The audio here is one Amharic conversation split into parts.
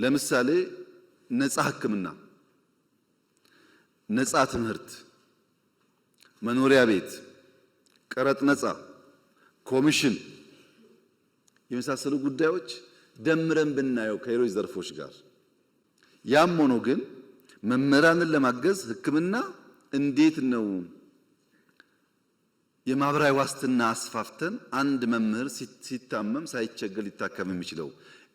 ለምሳሌ ነፃ ሕክምና፣ ነፃ ትምህርት፣ መኖሪያ ቤት፣ ቀረጥ ነፃ፣ ኮሚሽን የመሳሰሉ ጉዳዮች ደምረን ብናየው ከሌሎች ዘርፎች ጋር ያም ሆኖ ግን መምህራንን ለማገዝ ሕክምና እንዴት ነው የማህበራዊ ዋስትና አስፋፍተን አንድ መምህር ሲታመም ሳይቸገር ሊታከም የሚችለው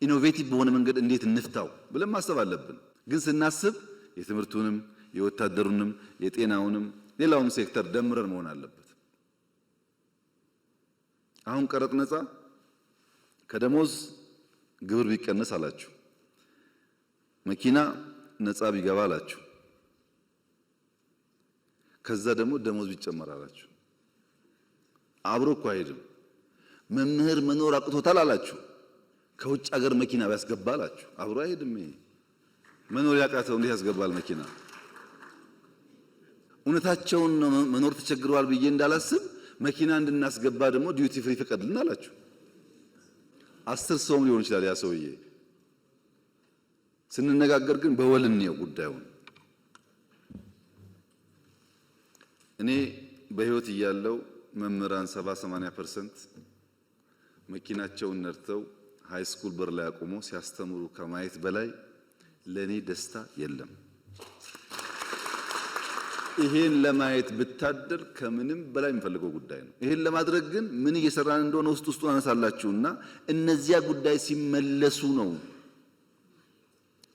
ኢኖቬቲቭ በሆነ መንገድ እንዴት እንፍታው ብለን ማሰብ አለብን። ግን ስናስብ የትምህርቱንም፣ የወታደሩንም፣ የጤናውንም ሌላውም ሴክተር ደምረን መሆን አለበት። አሁን ቀረጥ ነፃ ከደሞዝ ግብር ቢቀነስ አላችሁ፣ መኪና ነፃ ቢገባ አላችሁ፣ ከዛ ደግሞ ደሞዝ ቢጨመር አላችሁ። አብሮ እኮ አይሄድም። መምህር መኖር አቅቶታል አላችሁ። ከውጭ ሀገር መኪና ያስገባላችሁ አብሮ አይሄድም። መኖር ያቃተው እንዴት ያስገባል መኪና? እውነታቸውን ነው። መኖር ተቸግረዋል ብዬ እንዳላስብ መኪና እንድናስገባ ደግሞ ዲዩቲ ፍሪ ፈቀድልን አላችሁ። አስር ሰውም ሊሆን ይችላል ያ ሰውዬ። ስንነጋገር ግን በወልን ነው ጉዳዩን። እኔ በህይወት እያለው መምህራን 70 80% መኪናቸውን ነድተው ሃይስኩል በር ላይ አቁሞ ሲያስተምሩ ከማየት በላይ ለእኔ ደስታ የለም። ይሄን ለማየት ብታደር ከምንም በላይ የሚፈልገው ጉዳይ ነው። ይሄን ለማድረግ ግን ምን እየሰራን እንደሆነ ውስጥ ውስጡን አነሳላችሁና እነዚያ ጉዳይ ሲመለሱ ነው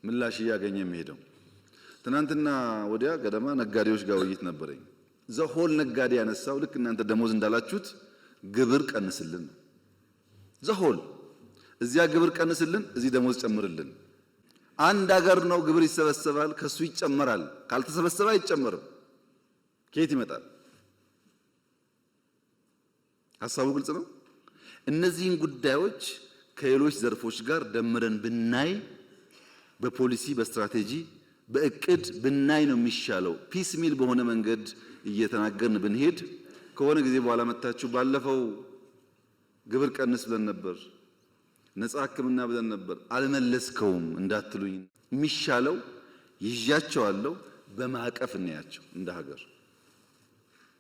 ምላሽ እያገኘ የሚሄደው። ትናንትና ወዲያ ገደማ ነጋዴዎች ጋር ውይይት ነበረኝ። ዘሆል ነጋዴ ያነሳው ልክ እናንተ ደሞዝ እንዳላችሁት ግብር ቀንስልን ነው ዘሆል እዚያ ግብር ቀንስልን፣ እዚህ ደሞዝ ጨምርልን። አንድ ሀገር ነው፣ ግብር ይሰበሰባል፣ ከሱ ይጨመራል። ካልተሰበሰበ አይጨመርም። ከየት ይመጣል? ሀሳቡ ግልጽ ነው። እነዚህን ጉዳዮች ከሌሎች ዘርፎች ጋር ደምረን ብናይ በፖሊሲ በስትራቴጂ በእቅድ ብናይ ነው የሚሻለው። ፒስ ሚል በሆነ መንገድ እየተናገርን ብንሄድ ከሆነ ጊዜ በኋላ መታችሁ ባለፈው ግብር ቀንስ ብለን ነበር ነፃ ሕክምና ብለን ነበር። አልመለስከውም እንዳትሉኝ የሚሻለው ይዣቸዋለሁ በማዕቀፍ እናያቸው እንደ ሀገር